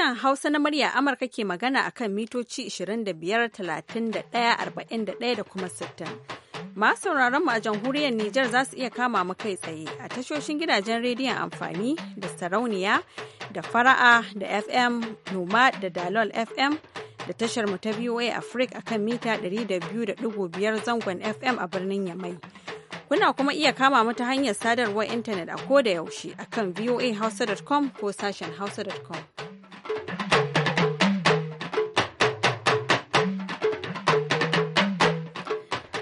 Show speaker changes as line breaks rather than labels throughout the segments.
Sashen Hausa na murya Amurka ke magana akan mitoci 25,31,41 da kuma 60. Masu sauraron mu a jamhuriyar Nijar za su iya kama mu kai tsaye a tashoshin gidajen rediyon amfani da sarauniya da fara'a da FM, Noma da Dalol FM da tashar mu ta VOA Africa akan mita 200.5 zangon FM a birnin Yamai. Kuna kuma iya kama mu ta hanyar sadarwar intanet a ko da yaushe akan voahausa.com ko sashen hausa.com.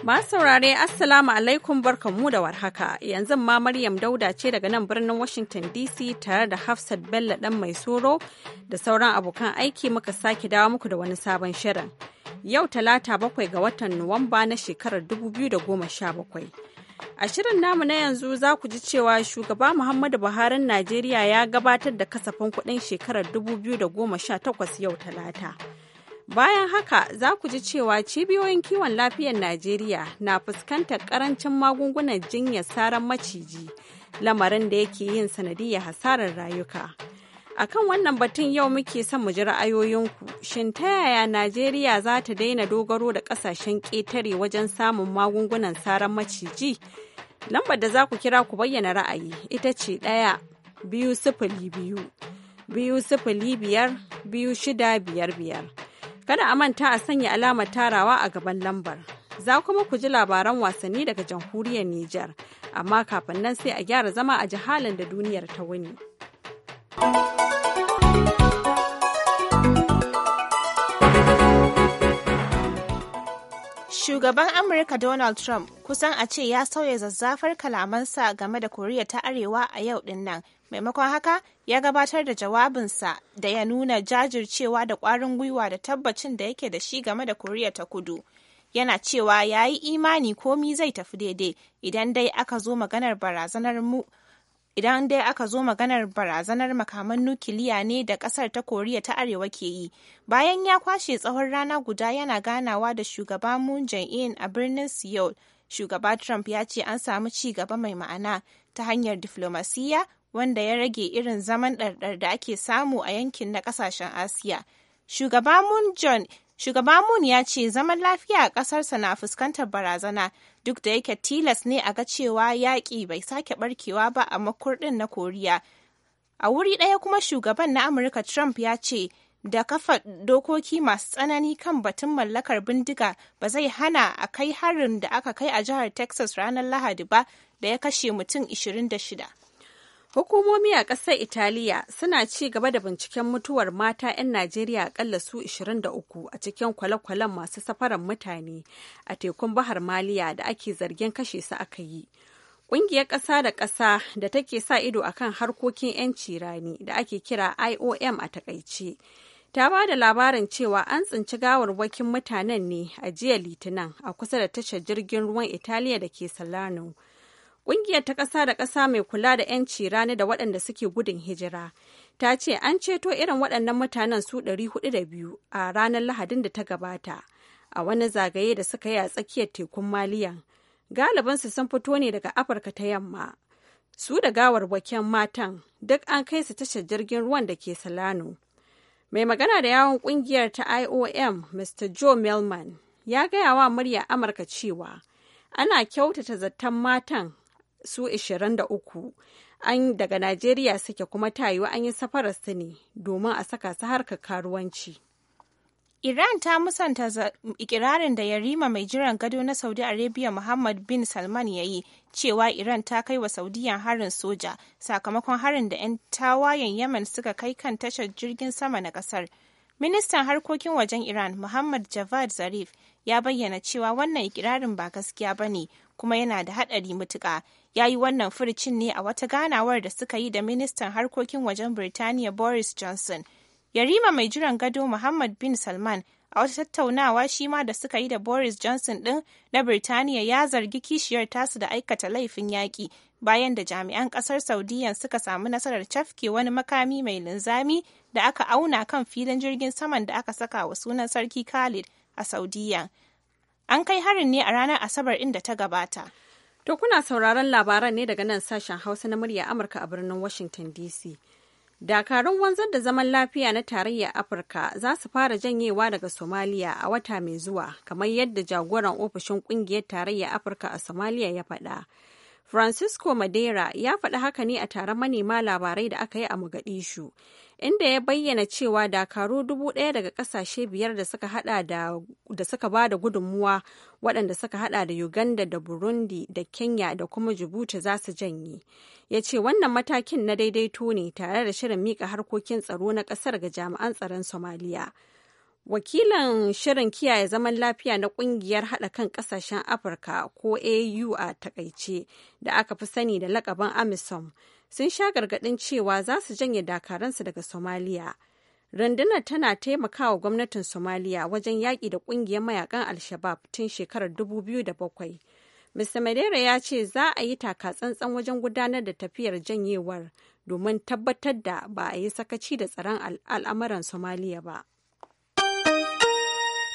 Ma saurare Assalamu alaikum barkanmu da warhaka yanzu ma Maryam Dauda ce daga nan birnin Washington DC tare da Hafsat Bello ɗan mai soro da sauran abokan aiki muka sake dawo muku da wani sabon shirin. Yau talata bakwai ga watan Nuwamba na shekarar 2017. A shirin namu na yanzu za ku ji cewa shugaba Muhammadu Buhari Najeriya ya gabatar da kasafin kuɗin shekarar 2018 yau talata. Bayan haka za ku ji cewa cibiyoyin kiwon lafiyar Najeriya na fuskantar karancin magungunan jinyar saran maciji, lamarin da yake yin sanadiyar hasarar rayuka. A kan wannan batun yau muke son mu ji ra'ayoyinku, shin ta yaya Najeriya za ta daina dogaro da ƙasashen ƙetare wajen samun magungunan saran maciji? Lambar da za ku kira ku bayyana ra'ayi ita ce ɗaya biyu sifili biyu, biyu sifili biyar, biyu shida biyar biyar. Kada a manta a sanya alamar tarawa a gaban lambar. Za kuma ku ji labaran wasanni daga jamhuriyar Nijar, amma kafin nan sai a gyara zama a jihalin da duniyar ta wuni.
Shugaban Amurka Donald Trump kusan a ce ya sauya zazzafar kalamansa game da Koriya ta Arewa a yau din nan. Maimakon haka ya gabatar da jawabinsa da ya nuna jajircewa da ƙwarin gwiwa da tabbacin da yake da shi game da koriya ta kudu yana cewa ya yi imani komi zai tafi daidai idan dai aka zo maganar barazanar mu idan dai aka zo maganar barazanar makaman nukiliya ne da kasar ta koriya ta arewa ke yi bayan ya kwashe tsawon rana guda yana ganawa da shugaba moon jae-in a birnin seoul shugaba trump ya ce an samu ci gaba mai ma'ana ta hanyar diflomasiyya wanda ya rage irin zaman ɗarɗar da ake samu a yankin na ƙasashen Asiya. Shugaba Moon John ya ce zaman lafiya a ƙasarsa na fuskantar barazana duk da yake tilas ne a ga cewa yaƙi bai sake barkewa ba a makurɗin na Koriya. A wuri ɗaya kuma shugaban na Amurka Trump ya ce da kafa dokoki masu tsanani kan batun mallakar bindiga ba zai hana a kai harin da aka kai a jihar Texas
ranar Lahadi ba da ya kashe mutum 26. Hukumomi a ƙasar Italiya suna ci gaba da binciken mutuwar mata 'yan Najeriya aƙalla su 23 a cikin kwale-kwalen masu safaran mutane a tekun Bahar Maliya da ake zargin kashe su aka yi. Ƙungiyar ƙasa da ƙasa da take sa ido a kan harkokin 'yanci rani da ake kira IOM a takaice. ta ba da labarin cewa an tsinci gawarwakin mutanen ne a jiya litinin a kusa da tashar jirgin ruwan italiya da ke salerno Ƙungiyar ta ƙasa da ƙasa mai kula da 'yanci rani da waɗanda suke gudun hijira ta ce an ceto irin waɗannan mutanen su 402 a ranar Lahadin da ta gabata a wani zagaye da suka yi a tsakiyar tekun Maliyan. su sun fito ne daga Afirka ta yamma. Su da gawar gawarwaken matan duk an kai su tashar jirgin ruwan da ke Salano. Mai magana da yawon ƙungiyar ta IOM, Mr. Joe Melman, ya gaya wa murya Amurka cewa ana kyautata zaton matan su 23 an daga Najeriya suke kuma tayiwa an yi safararsu ne domin a saka su harkar karuwanci. Iran
ta musanta ikirarin da yarima mai jiran gado na Saudi Arabia Muhammad bin Salman ya yi cewa Iran ta kai wa Saudiyan harin soja sakamakon harin da 'yan tawayen Yemen suka kai kan tashar jirgin sama na kasar. Ministan harkokin wajen Iran Muhammad Javad Zarif ya bayyana cewa wannan ikirarin ba gaskiya ba ne kuma yana da haɗari matuƙa ya yi wannan furcin ne a wata ganawar da suka yi da ministan harkokin wajen birtaniya boris johnson yarima mai jiran gado muhammad bin salman a wata tattaunawa shi ma da suka yi da boris johnson ɗin na birtaniya ya zargi kishiyar tasu da aikata laifin yaƙi bayan da jami'an ƙasar saudiyya suka samu nasarar cafke wani makami mai linzami da aka auna kan filin jirgin saman da aka saka wa sunan sarki
khalid a saudiyya. An kai harin ne a ranar Asabar inda ta gabata. To kuna sauraron labaran ne daga nan sashen Hausa na murya Amurka a birnin Washington DC. Dakarun wanzar da zaman lafiya na tarayyar Afirka za su fara janyewa daga Somaliya a wata mai zuwa, kamar yadda jagoran ofishin kungiyar tarayyar Afirka a Somaliya ya faɗa. Francisco Madera ya faɗi haka ne a taron manema labarai da aka yi a Mogadishu, inda ya bayyana cewa dakaru dubu ɗaya daga ƙasashe biyar da suka hada da suka ba da gudunmuwa waɗanda suka hada da Uganda da Burundi da Kenya da kuma Djibouti za su janye. Ya ce wannan matakin na daidaito ne tare da shirin mika harkokin tsaro na ƙasar ga jami'an tsaron Somalia. Wakilan Shirin Kiyaye Zaman Lafiya na kungiyar Haɗa kan Ƙasashen Afirka ko AU a takaice da aka fi sani da lakaban Amisom sun sha gargaɗin cewa za su janye dakaransu daga Somaliya. Rundunar tana taimakawa gwamnatin Somalia wajen yaƙi da ƙungiyar mayakan al Shabaab tun shekarar 2007. Mr. Madera ya ce za a yi takatsantsan wajen gudanar da tafiyar janyewar domin tabbatar da ba a yi sakaci da tsaron al'amuran Somalia ba.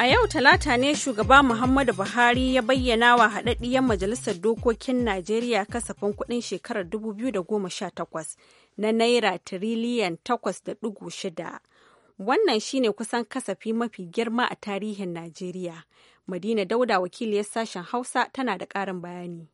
A yau talata ne shugaba Muhammadu Buhari ya bayyana wa haɗaɗɗiyar Majalisar Dokokin Najeriya kasafin kuɗin shekarar 2018 na Naira tiriliyan 8.6. Wannan shi ne kusan kasafi mafi girma a tarihin Najeriya. Madina Dauda wakiliyar sashen Hausa tana da ƙarin bayani.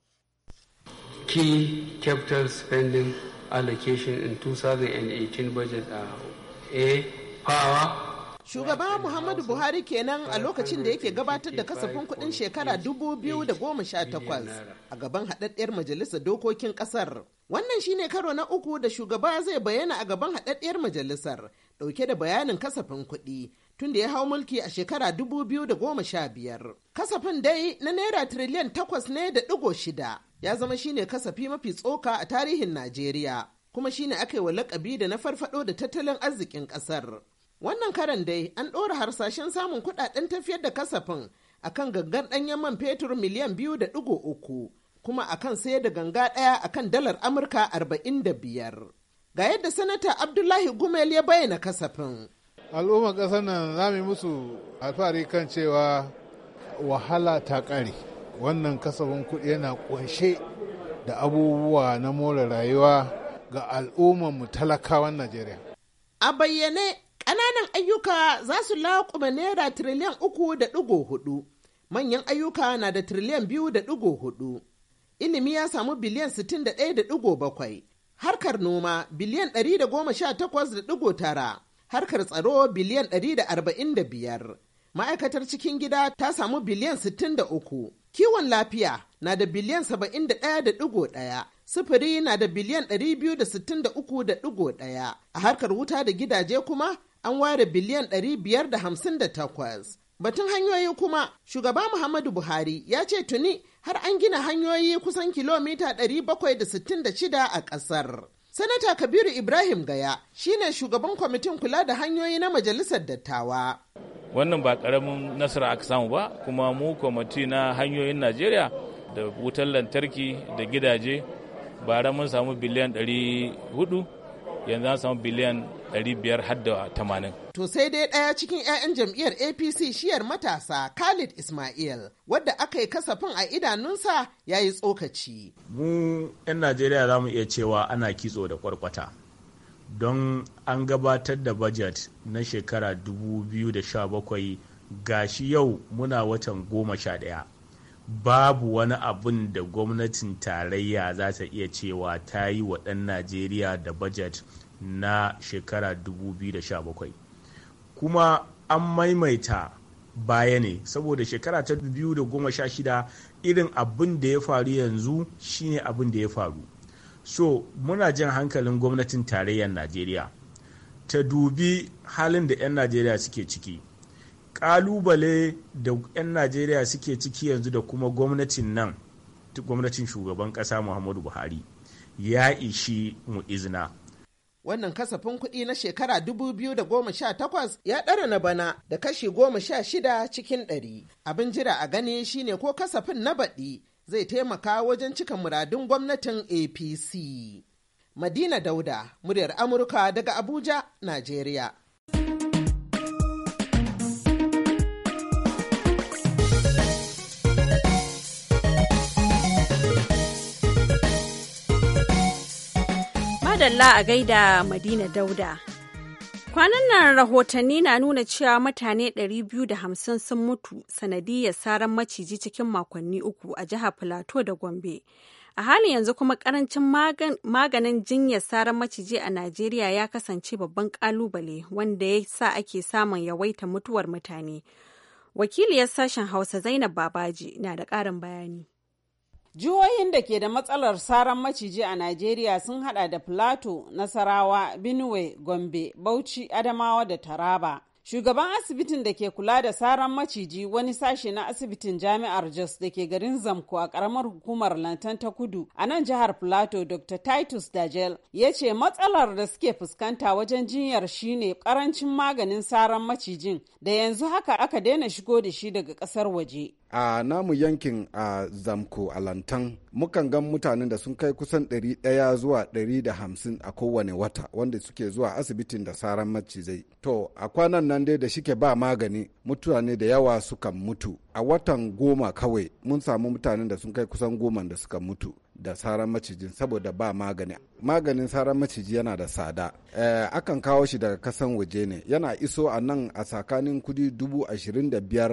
Key capital spending allocation in 2018 budget are uh, A. Power
Shugaba Muhammadu Buhari kenan a lokacin da yake gabatar da kasafin kuɗin shekara 2018 a gaban haɗaɗɗiyar majalisar dokokin ƙasar. Wannan shine karo na uku da shugaba zai bayyana a gaban haɗaɗɗiyar majalisar ɗauke da bayanin kasafin kuɗi tun da ya hau mulki a shekara 2015. Kasafin dai na naira tiriliyan takwas ne da ɗigo shida ya zama shine kasafi mafi tsoka a tarihin Najeriya. kuma shine aka yi wa lakabi da na farfado da tattalin arzikin ƙasar. Wannan karan dai an ɗora harsashen samun kuɗaɗen tafiyar da kasafin akan gangar ɗanyen man fetur miliyan biyu da ɗigo uku kuma akan sayar da ganga ɗaya akan dalar Amurka arba'in da biyar. Ga yadda Sanata Abdullahi Gumel ya
bayyana kasafin. Al'ummar ƙasar nan za mu musu alfahari kan cewa wahala ta ƙare. Wannan kasafin kuɗi yana ƙunshe da abubuwa na more rayuwa ga al'ummar mu talakawan Najeriya.
A bayyane Ƙananan ayyuka za su laƙuma naira tiriliyan uku da ɗigo hudu, manyan ayyuka na da tiriliyan biyu da ɗigo hudu. Ilimi ya samu biliyan sittin da ɗaya da ɗigo bakwai, harkar noma biliyan ɗari da goma sha takwas da ɗigo tara, harkar tsaro biliyan ɗari da arba'in da biyar. Ma'aikatar cikin gida ta samu biliyan sittin da uku, kiwon lafiya na da biliyan saba'in da ɗaya da ɗigo ɗaya, sufuri na da biliyan ɗari biyu da sittin da uku da ɗigo ɗaya, a harkar wuta da gidaje kuma an ware biliyan 558. Batun hanyoyi kuma, shugaba Muhammadu Buhari ya ce tuni har an gina hanyoyi kusan kilomita 766 a ƙasar. Sanata Kabiru Ibrahim Gaya shine shugaban kwamitin kula da hanyoyi na Majalisar Dattawa.
Wannan ba karamin nasara aka samu ba, kuma mu kwamiti na hanyoyin Najeriya da wutar lantarki da gidaje bara mun samu biliyan 400 yanzu an samu biliyan 580.
To sai dai ɗaya cikin 'ya'yan jam'iyyar APC shiyar matasa Khalid Ismail wadda aka yi kasafin a idanunsa ya yi tsokaci. Mu
'yan Najeriya za mu iya cewa ana kitso da kwarkwata. Don an gabatar da bajet na shekara 2017 shi yau muna watan goma sha ɗaya. babu wani abun da gwamnatin tarayya za ta iya cewa ta yi wa ɗan najeriya da bajet na shekara 2017 kuma an maimaita baya ne saboda shekara ta 2016 irin abin da ya faru yanzu shine abin da ya faru so muna jin hankalin gwamnatin tarayyar najeriya ta dubi halin da 'yan najeriya suke ciki kalubale da 'yan najeriya suke ciki yanzu da kuma gwamnatin nan gwamnatin shugaban kasa muhammadu buhari ya ishi mu izina
wannan kasafin kuɗi na shekara 2018 ya ɗara na bana da kashi 16 cikin 100 abin jira a gani shine ko kasafin na baɗi zai taimaka wajen cika muradun gwamnatin apc madina dauda muryar amurka daga abuja najeriya
madalla a gaida Madina Dauda. Kwanan nan rahotanni na nuna cewa mutane 250 sun mutu sanadiyar saran maciji cikin makonni uku a jihar Filato da Gombe. A halin yanzu kuma karancin maganin jinyar saran maciji a Najeriya ya kasance babban kalubale wanda ya sa ake samun yawaita mutuwar mutane. Wakiliyar sashen Hausa Zainab Babaji na da ƙarin bayani. Jihohin da ke da matsalar saran
maciji a Najeriya sun hada da Plateau, Nasarawa, Benue, Gombe, Bauchi, Adamawa da Taraba. Shugaban asibitin da ke kula da saran maciji wani sashe na asibitin jami'ar Jos da ke garin Zamko a karamar hukumar Lantan ta Kudu a nan jihar Plateau Dr. Titus Dajel ya ce matsalar da suke fuskanta wajen jinyar shine karancin maganin saran macijin da yanzu haka aka daina shigo da shi daga kasar waje.
a namu yankin a zamko a lantan mukan gan mutanen da sun kai kusan 100 zuwa 150 a kowane wata wanda suke zuwa asibitin da saran macizai to a kwanan nan dai da shike ba magani mutane da yawa sukan mutu a watan goma kawai mun samu mutanen da sun kai kusan goma da suka mutu da saran macijin saboda ba magani maganin saran maciji yana da tsada eh, akan kawo shi daga kasan waje ne yana iso a nan a tsakanin kudi dubu ashirin da biyar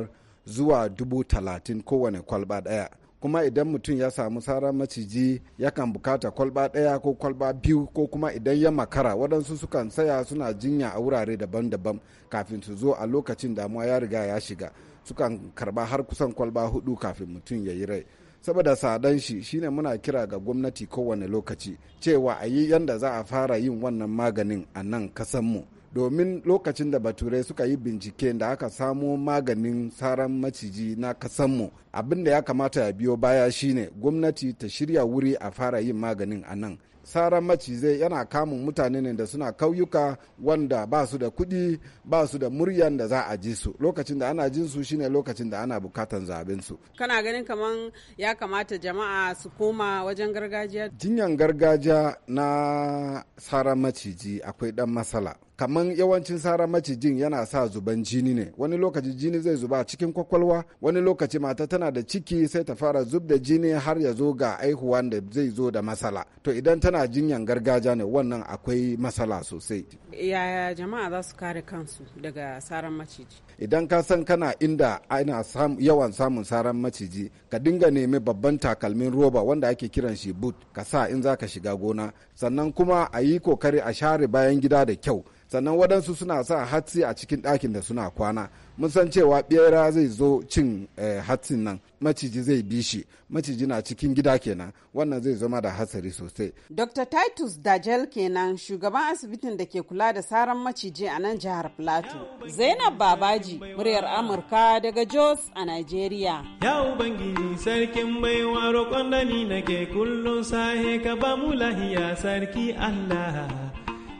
zuwa dubu talatin kowane kwalba daya kuma idan mutum ya samu tsara maciji yakan bukata kwalba ɗaya ko kwalba biyu ko kuma idan ya makara waɗansu sukan saya suna jinya a wurare daban-daban kafin su zo a lokacin damuwa ya riga ya shiga sukan karba har kusan kwalba hudu kafin mutum ya yi rai saboda sadan shi shine muna kira ga gwamnati kowane lokaci cewa a yi yanda za a fara yin wannan maganin a nan kasanmu mu domin lokacin da baturai suka yi bincike da aka samo maganin saran maciji na kasanmu abin da ya kamata ya biyo baya shine gwamnati ta shirya wuri a fara yin maganin a nan saran macizai yana kamun mutane ne da suna kauyuka wanda ba su da kuɗi ba su da muryan da za a ji su lokacin da ana jin su shine lokacin da ana bukatan zaben su
kana ganin kaman ya kamata jama'a su koma wajen gargajiya
jinyan gargajiya na saran maciji akwai dan matsala kamar yawancin sara macijin yana sa zuban jini ne wani lokaci jini zai zuba cikin kwakwalwa wani lokaci mata tana da ciki sai ta fara zub da jini har ya zo ga aihuwan da zai zo da masala to idan tana jinyan gargajiya ne wannan akwai masala sosai
yaya jama'a za su kare kansu daga saran maciji
idan ka san kana inda ana yawan samun saran maciji ka dinga nemi babban takalmin roba wanda ake kiran shi boot ka sa in za ka shiga gona sannan kuma a yi kokari a share bayan gida da kyau sannan waɗansu suna sa hatsi a cikin ɗakin da suna kwana mun san cewa bera zai zo cin eh, hatsin nan maciji zai bi shi maciji na cikin gida kenan wannan zai zama da hatsari sosai
dr titus dajel kenan shugaban asibitin da ke kula da saran maciji a nan jihar plateau zainab babaji Alhaji, muryar Amurka daga Jos a Najeriya.
Ya Ubangiji sarkin baiwa roƙon da ni nake kullum sahe ka ba mu lahiya sarki Allah.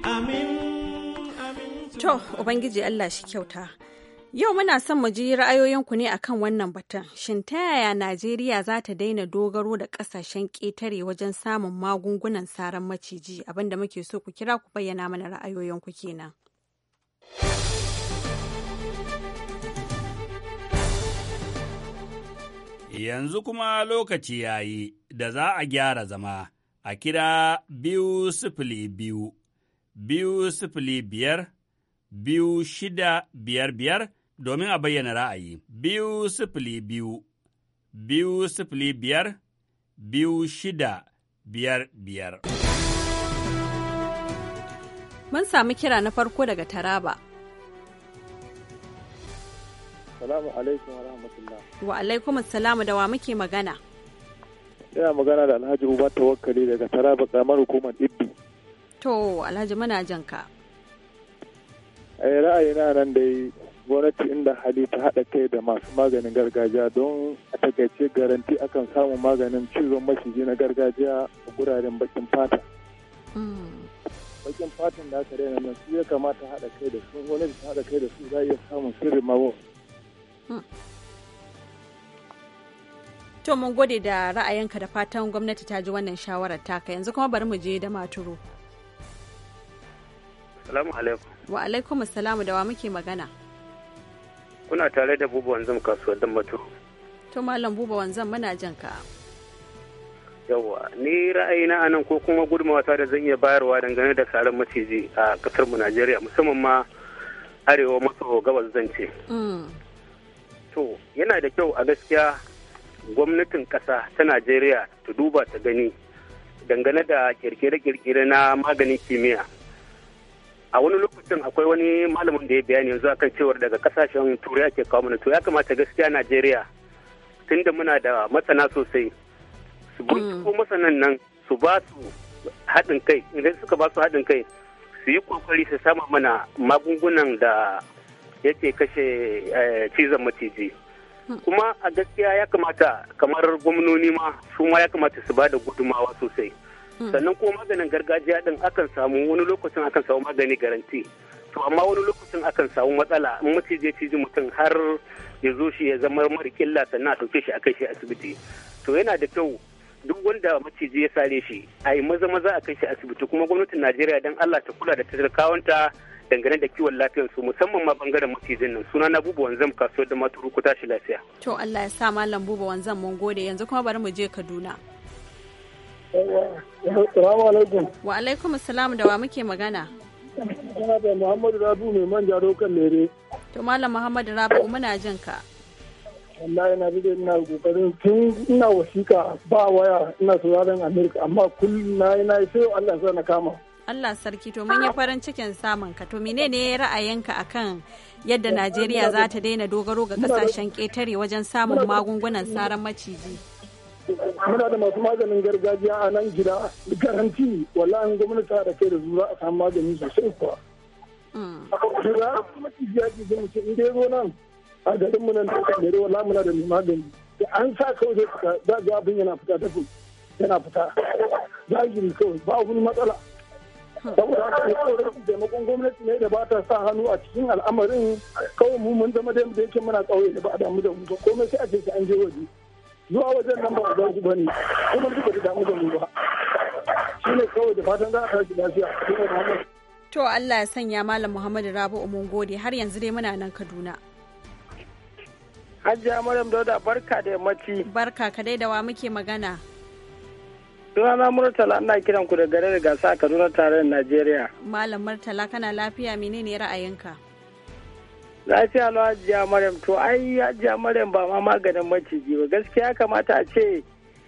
Amin. To, Ubangiji Allah shi kyauta. Yau muna son mu ji ra'ayoyinku ne akan wannan batun. Shin ta yaya Najeriya za ta daina dogaro da ƙasashen ƙetare wajen samun magungunan saran maciji? Abinda muke so ku kira ku bayyana mana ra'ayoyinku kenan.
Yanzu kuma lokaci ya yi da za a gyara zama a kira biyu sifili biyu, biyu sifili biyar, biyu shida biyar biyar domin a bayyana ra'ayi. Biyu sifili biyu, biyu sifili biyar, biyu shida biyar biyar.
Mun sami kira na farko daga Taraba.
Salamu alaikum wa rahmatullah.
Wa alaikum assalamu da wa muke magana.
Ina magana da Alhaji Uba Tawakkali daga Taraba kamar hukumar Ibbi.
To Alhaji muna A
yi eh, ra'ayi na nan yi gwamnati inda hali ta haɗa kai da masu maganin gargajiya don a takaice garanti akan samun maganin cizon mashiji na gargajiya a guraren bakin fata. Mm. Bakin fatan da aka daina nan su ya kamata haɗa kai da su gwamnati ta haɗa kai da su za a iya samun sirrin mawa.
To mun gode da ra'ayinka da fatan gwamnati ta ji wannan shawarar taka yanzu kuma bari mu je da maturu.
Salamu alaikum.
Wa alaikum assalamu da wa muke magana.
Kuna tare da buba wanzan kasuwar dan maturu.
To malam buba wanzan muna jan ka.
Yawwa ni ra'ayina a nan ko kuma gudunmawata da zan iya bayarwa dangane da tsarin maciji a kasar mu Najeriya musamman ma arewa maso gabas zan ce. Mm. to yana da kyau a gaskiya gwamnatin ƙasa ta najeriya ta duba ta gani dangane da kirkire-kirkire na maganin kimiyya a wani lokacin akwai wani malamin da ya bayani yanzu akan cewar daga kasashen turai ke kawo mana to ya kamata gaskiya najeriya tunda muna da masana sosai su binciko mm. masanan nan su ba su haɗin kai idan suka ba su haɗin kai su yi kokari su sama mana magungunan da yake kashe eh, cizon maciji kuma a gaskiya ya kamata kamar gwamnoni ma su ma ya kamata su ba da gudumawa sosai sannan kuma maganin gargajiya din akan samu wani lokacin akan samu magani garanti to amma wani lokacin akan samu matsala in maciji ya ciji mutum har ya zo shi ya zama mara killa sannan a ɗauke shi a kai shi asibiti to yana da kyau duk wanda maciji ya sare shi a yi maza maza a kai shi asibiti kuma gwamnatin najeriya don allah ta kula da talakawanta dangane da kiwon lafiyar su musamman ma bangaren macizin nan suna na buba wanzam kasuwar da maturu ku tashi lafiya.
To Allah ya sa malam buba wanzam mun gode yanzu kuma bari mu je Kaduna.
Assalamu alaikum.
Wa alaikum assalam da wa muke magana.
Ina da Muhammadu Rabu mai manja kan lere.
To malam Muhammadu Rabu muna jin ka.
wallahi na bude ina kokarin tun ina wasiƙa ba waya ina sauraron Amerika amma kullum na yi na sai Allah ya sa na kama.
Allah sarki to mun yi farin cikin samun ka to menene ra'ayinka akan yadda Najeriya za ta daina dogaro ga kasashen ƙetare wajen samun magungunan saran maciji?
Muna da masu maganin gargajiya a nan gida garanti wallahi gwamnati da kai da su za a samu magani sosai kuwa. A kwakwai za a kuma cijiya ke zai mutum in dai zo nan a garin mu nan da kan dare wallahi muna da magani. Da an sa kawai zai fita za ga abin yana fita dafin yana fita. gini kawai ba wani matsala.
saboda haka ne kawai
rashin taimakon gwamnati ne da ba ta sa hannu a cikin al'amarin kawai mu mun zama da yake muna ƙauye da ba a damu da mu ba komai sai a ce an je waje zuwa wajen nan ba a gan su ba ne kuma duk da damu da mu ba shi ne kawai da fatan za a tashi lafiya
To Allah ya sanya Malam Muhammadu Rabu mun gode har yanzu dai muna nan Kaduna. Hajiya Maryam Dauda barka da yammaci. Barka ka dai da wa muke magana. na Murtala
ana kiran ku da gare da gasa a Kaduna tarayyar Najeriya.
Malam Murtala kana lafiya menene ra'ayinka?
Lafiya na Hajiya Maryam to ai Hajiya Maryam ba ma maganin maciji ba gaskiya kamata a ce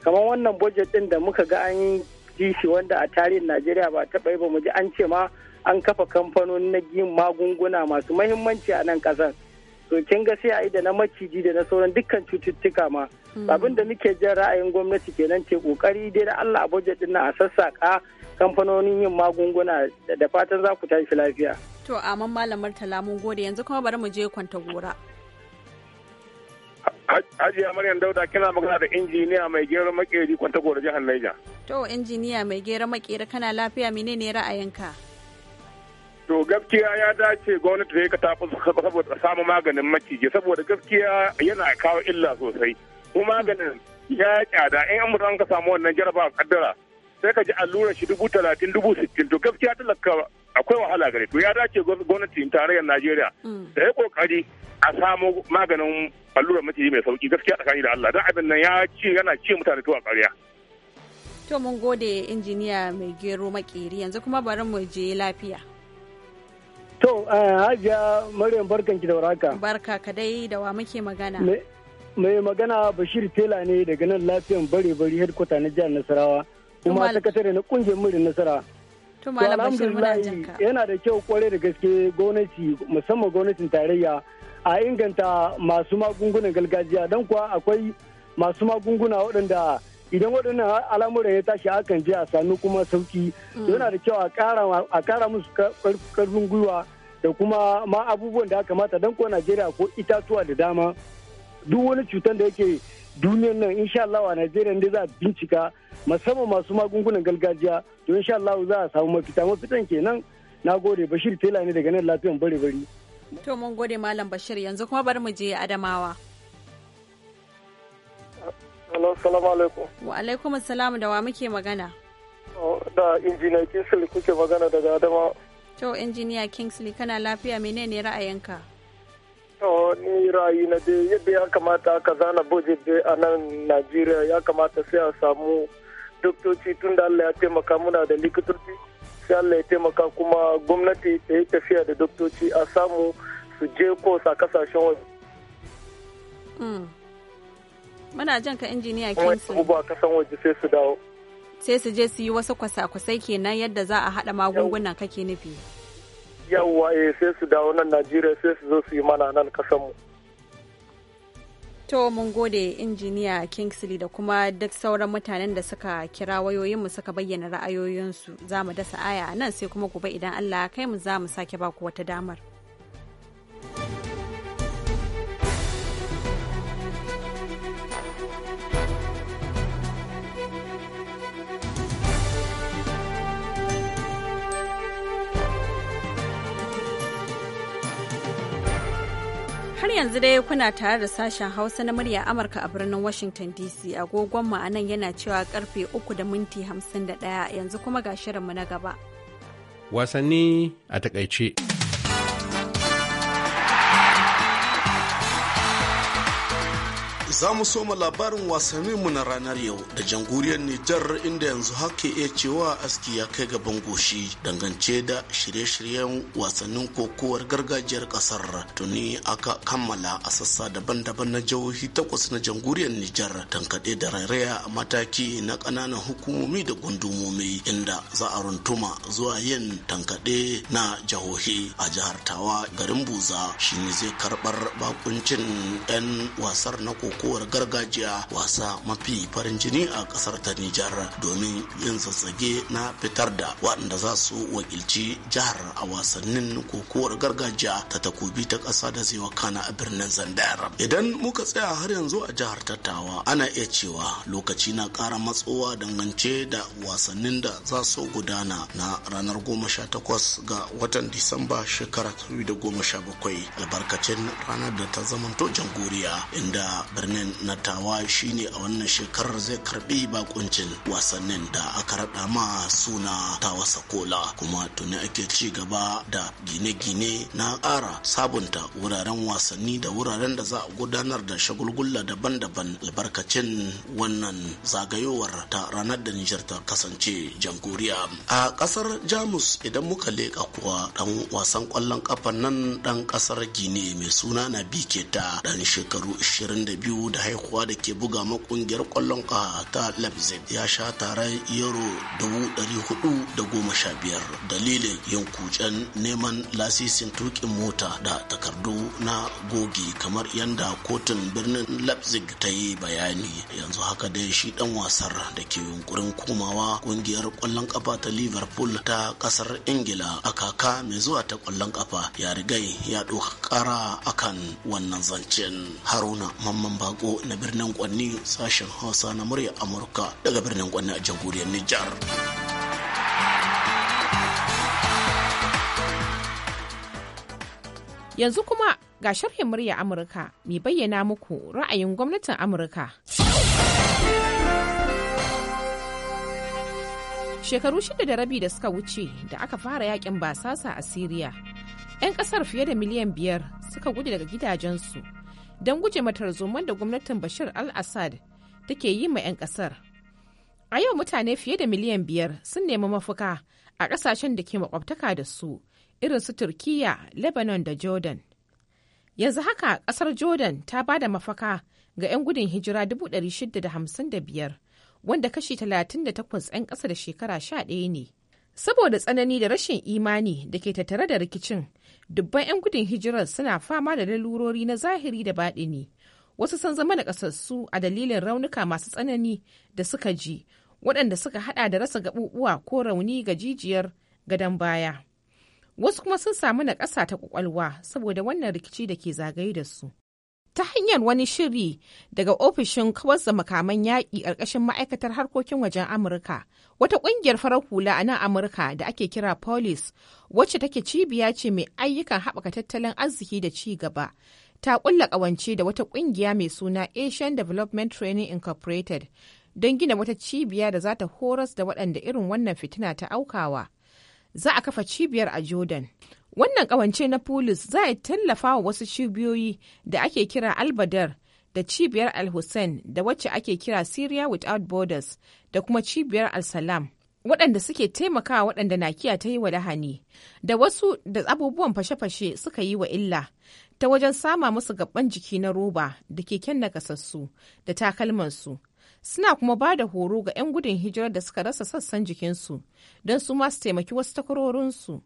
kamar wannan budget din da muka ga an yi shi wanda a tarihin Najeriya ba taɓa yi ba mu ji an ce ma an kafa kamfanoni na yin magunguna masu mahimmanci a nan ƙasar. To kin ga sai a yi da na maciji da na sauran dukkan cututtuka ma. Mm. abin da muke jin ra'ayin gwamnati kenan ce kokari dai da Allah a budget din a sassaka kamfanonin yin magunguna da fatan za ku tashi lafiya
to amma malamar mun gode yanzu kuma bari mu je kwanta gora
Hajiya Maryam Dauda kina magana da injiniya mai gero makeri kwanta gora jihar Niger.
To injiniya mai gero makeri kana lafiya menene ra'ayinka?
To gaskiya ya dace gwamnati da ya tafi saboda samun maganin maciji saboda gaskiya yana kawo illa sosai. kuma maganin ya tsada in an an ka samu wannan jaraba a kaddara sai ka ji allurar shi dubu talatin dubu sittin to gaskiya talaka akwai wahala gare to ya dace gwamnatin tarayyar najeriya da mm. ya kokari a samu maganin allurar mace mai sauki gaskiya tsakani da allah don abin nan ya ce yana ci mutane to a
to mun gode injiniya mai gero makeri yanzu kuma bari mu je lafiya. to
eh, hajiya maryam barkanki da waraka
barka ka dai da wa muke magana. mai
magana bashir tela ne daga nan lafiyan bare bari headquarter na jihar nasarawa kuma sakatare na kungiyar murin nasara
to yana
da kyau kwarai da gaske gwamnati musamman gwamnatin tarayya a inganta masu magungunan gargajiya don kuwa akwai masu magunguna waɗanda idan waɗannan al'amuran ya tashi akan je a sami kuma sauki mm. yana da kyau a kara musu karfin gwiwa da kuma ma abubuwan da aka kamata don ko najeriya ko itatuwa da dama duk wani cutar da yake duniyar nan insha Allah a Najeriya ne za a bincika musamman masu magungunan gargajiya to insha Allah za a samu mafita mafitan kenan na gode Bashir Tela ne daga nan lafiyan bare bari
to mun gode malam Bashir yanzu kuma bari mu je Adamawa
Assalamu salamu alaikum.
Wa alaikum assalam da wa muke magana.
Oh, da injiniya Kingsley kuke magana daga Adama.
To injiniya Kingsley kana lafiya menene ra'ayinka?
ni ra'ayi na yadda ya kamata aka zana budget da a nan Najeriya ya kamata sai a samu doktoci tun da Allah ya taimaka muna da likitoci sai Allah ya taimaka kuma gwamnati ta yi tafiya da doktoci a samu su je ko sa kasashen waje.
Mm. Muna jan ka injiniya Kinsu. Wani
a kasan waje sai su dawo.
Sai su je su yi wasu kwasa-kwasai kenan yadda za a haɗa magungunan kake nufi.
yawwa eh sai su dawo nan najeriya sai su zo su yi mana nan kasanmu
to mun gode injiniya kingsley da kuma duk sauran mutanen da suka kira wayoyinmu suka bayyana ra'ayoyinsu za mu dasa aya nan sai kuma gobe idan allah kai mu za mu sake baku wata damar yanzu dai kuna tare da sashen Hausa na murya Amurka a birnin Washington DC agogon mu anan yana cewa karfe 3 da minti 51 yanzu kuma ga shirinmu na gaba.
Wasanni a takaice.
Za mu soma labarin mu na ranar yau da jamhuriyar Nijar inda yanzu hake iya cewa aski ya kai gaban goshi dangance da shirye-shiryen wasannin kokowar gargajiyar kasar tuni aka kammala a sassa daban-daban na jihohi takwas na jamhuriyar Nijar tankaɗe da rairaya a mataki na ƙananan hukumomi da gundumomi inda za a runtuma zuwa yin tankaɗe na jihohi a jihar Tawa garin Buza shine zai karɓar bakuncin 'yan wasar na koko kokowar gargajiya wasa mafi farin jini a kasar ta Nijar domin yin zazzage na fitar da waɗanda za su wakilci jihar a wasannin kokowar gargajiya ta takobi ta ƙasa da zai wakana a birnin Zandar. Idan muka tsaya har yanzu a jihar Tattawa ana iya cewa lokaci na ƙara matsowa dangance da wasannin da za su gudana na ranar Goma sha takwas ga watan Disamba shekara 2017 albarkacin ranar da ta zamanto jamhuriya inda birnin wasannin na tawa shine a wannan shekarar zai karbi bakuncin wasannin da aka raɗa ma suna tawa sakola kuma tuni ake ci gaba da gine-gine na ƙara sabunta wuraren wasanni da wuraren da za a gudanar da shagulgula daban-daban albarkacin wannan zagayowar ta ranar da Nijar ta kasance jamhuriya. A kasar Jamus idan muka leka kuwa dan wasan kwallon ƙafa nan dan kasar Gine mai suna na Biketa dan shekaru 22 shekaru da haihuwa da ke buga ma ƙungiyar kwallon ka ta Leipzig ya sha goma euro 415 dalilin yin kucen neman lasisin tukin mota da takardu na gogi kamar yadda kotun birnin Leipzig ta yi bayani yanzu haka dai shi dan wasar da ke yunkurin komawa kungiyar kwallon kafa ta Liverpool ta ƙasar Ingila a kaka mai zuwa ta kwallon kafa ya rigai ya ɗauka kara akan wannan zancen haruna mamman ba bako na birnin kwanni sashen hausa na murya amurka daga birnin kwanni a jamhuriyar nijar
yanzu kuma ga sharhin murya amurka mai bayyana muku ra'ayin gwamnatin amurka shekaru shida da rabi da suka wuce da aka fara yakin basasa a siriya 'yan kasar fiye da miliyan biyar suka gudu daga gidajensu don guje matar zoman da gwamnatin bashir al-assad take yi ma 'yan kasar a yau mutane fiye da miliyan biyar sun nemi mafuka a kasashen da ke makwabtaka da su irin su turkiya lebanon da jordan yanzu haka kasar jordan ta ba da mafaka ga 'yan gudun hijira 655 wanda kashi 38 'yan ƙasa da shekara 11 ne Saboda tsanani da rashin imani da ke tattare da rikicin, dubban 'yan gudun hijirar suna fama da lalurori na zahiri da baɗini. Wasu sun zama da ƙasassu a dalilin raunuka masu tsanani da suka ji, waɗanda suka haɗa da rasa gaɓuɓuwa ko rauni ga jijiyar gadon baya. Wasu kuma sun samu na ƙasa ta ƙwaƙwalwa saboda wannan rikici da ke zagaye da su. ta hanyar wani shiri daga ofishin kawarsa makaman yaƙi ƙarƙashin ma'aikatar harkokin wajen amurka wata ƙungiyar farar hula a nan amurka da ake kira polis wacce take cibiya ce mai ayyukan haɓaka tattalin arziki da ci gaba ta ƙulla ƙawance da wata ƙungiya mai suna asian development training incorporated don gina wata cibiya da za ta horas da waɗanda irin wannan fitina ta aukawa za a kafa cibiyar a jordan Wannan ƙawance na Polis a tallafa wa wasu cibiyoyi da ake kira Albadar da cibiyar Al-Hussein da wacce ake kira Syria Without Borders da kuma cibiyar Al-Salam. waɗanda suke taimakawa waɗanda nakiya ta yi wa lahani da wasu da abubuwan fashe-fashe suka yi wa illa ta wajen sama musu gaban jiki na roba da keken nakasassu da takalmansu suna kuma ba da horo ga 'yan gudun hijirar da suka rasa sassan jikinsu don su masu taimaki wasu takwarorinsu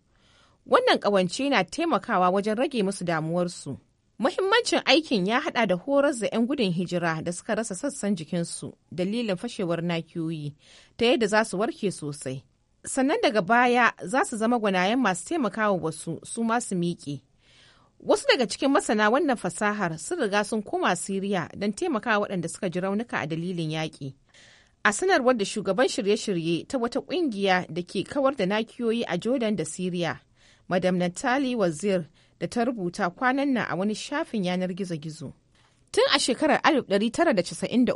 Wannan ƙawance na taimakawa wajen rage musu damuwarsu. Muhimmancin aikin ya haɗa da horar da 'yan gudun hijira da suka rasa sassan jikinsu dalilin fashewar nakiyoyi ta yadda za su warke sosai. Sannan daga baya za su zama gwanayen masu taimakawa wasu su masu miƙe. Wasu daga cikin masana wannan fasahar sun riga sun koma Siriya don taimakawa waɗanda suka ji raunuka a dalilin yaƙi. A sanarwar da shugaban shirye-shirye ta wata ƙungiya da ke kawar da nakiyoyi a Jordan da Siriya, madam Natali Wazir da ta rubuta kwanan nan a wani shafin yanar gizo-gizo. Tun a shekarar 1993,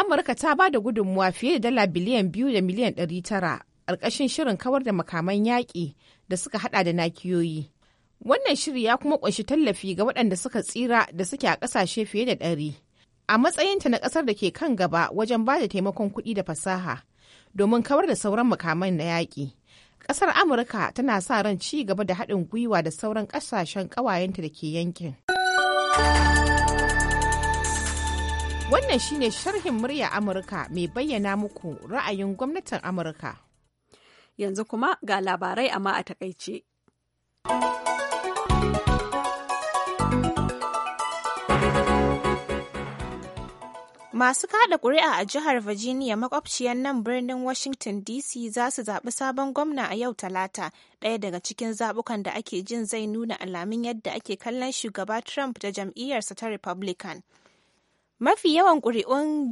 Amurka ta ba da gudunmuwa fiye da dala biliyan biyu da miliyan ɗari tara ƙarƙashin shirin kawar da makaman yaƙi da suka haɗa da nakiyoyi. Wannan shiri ya kuma ƙunshi tallafi ga waɗanda suka tsira da suke a ƙasashe fiye da ɗari. A matsayinta na ƙasar da ke kan gaba wajen ba da taimakon kuɗi da fasaha domin kawar da sauran makaman na yaƙi. Ƙasar Amurka tana sa ran ci gaba da haɗin gwiwa da sauran ƙasashen ƙawayenta da ke yankin. Wannan shine sharhin murya Amurka mai bayyana muku ra'ayin gwamnatin Amurka.
Yanzu kuma ga labarai amma a takaice.
Masu kada kuri'a a jihar Virginia makwabciyar nan birnin Washington DC za su zaɓi sabon gwamna a yau Talata, ɗaya daga cikin zaɓukan da ake jin zai nuna alamin yadda ake kallon shugaba Trump da jam'iyyarsa ta Republican. Mafi yawan ƙuri'un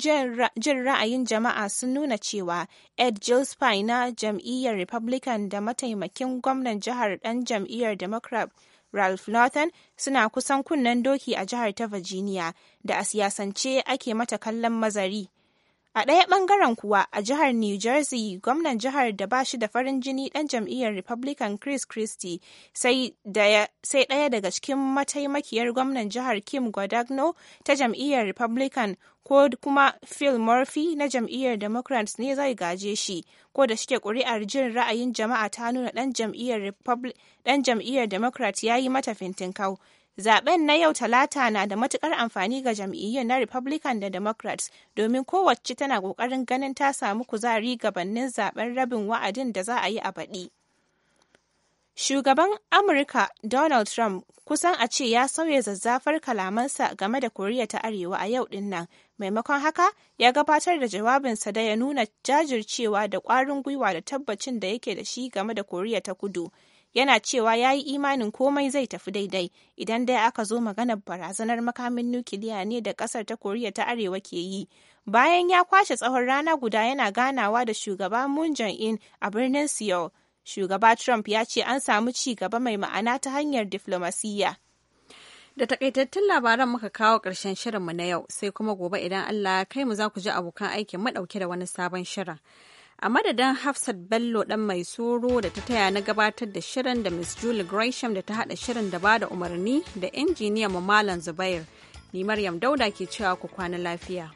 jin ra'ayin jama'a sun nuna cewa Ed Gillespie na jam'iyyar Republican da mataimakin gwamnan jihar ɗan jam'iyyar Democrat Ralph Northern suna kusan kunnen doki a jihar ta Virginia da a siyasance ake mata kallon mazari. A ɗaya ɓangaren kuwa, a jihar New Jersey, gwamnan jihar da ba shi da farin jini ɗan jam'iyyar Republican Chris Christie sai ɗaya daga cikin mataimakiyar gwamnan jihar Kim Guadagno ta jam'iyyar Republican ko kuma Phil Murphy na jam'iyyar Democrats ne zai gaje shi, ko da shike ƙuri'ar jin ra'ayin jama'a ta nuna ɗan jam'iyyar Democrat ya yi mata fintinkau, Zaben na yau Talata na da matukar amfani ga jam'iyyun na Republican da Democrats domin kowacce tana kokarin ganin ta samu kuzari gabanin zaben rabin wa'adin da za a yi a baɗi. Shugaban Amurka Donald Trump kusan a ce ya sauya zazzafar kalamansa game da Koriya ta Arewa a yau din nan, maimakon haka ya gabatar da jawabinsa da ya nuna jajircewa da ƙwarin gwiwa da tabbacin da yake da shi game da Koriya ta Kudu. yana cewa ya yi imanin komai zai tafi daidai idan dai aka zo maganar barazanar makamin nukiliya ne da kasar ta koriya ta arewa ke yi bayan ya kwashe tsawon rana guda yana ganawa da shugaba moon in a birnin seoul shugaba trump ya ce an samu ci gaba mai ma'ana ta hanyar
diflomasiyya Da takaitattun labaran muka kawo ƙarshen shirinmu na yau sai kuma gobe idan Allah ya kai mu za ku ji abokan aikin mu madauke da wani sabon shirin. a madadin hafsat bello dan mai soro da ta taya na gabatar da shirin da miss julie gresham da ta hada shirin da ba da umarni da injiniya Mamalan zubair ni maryam dauda ke cewa ku kwana lafiya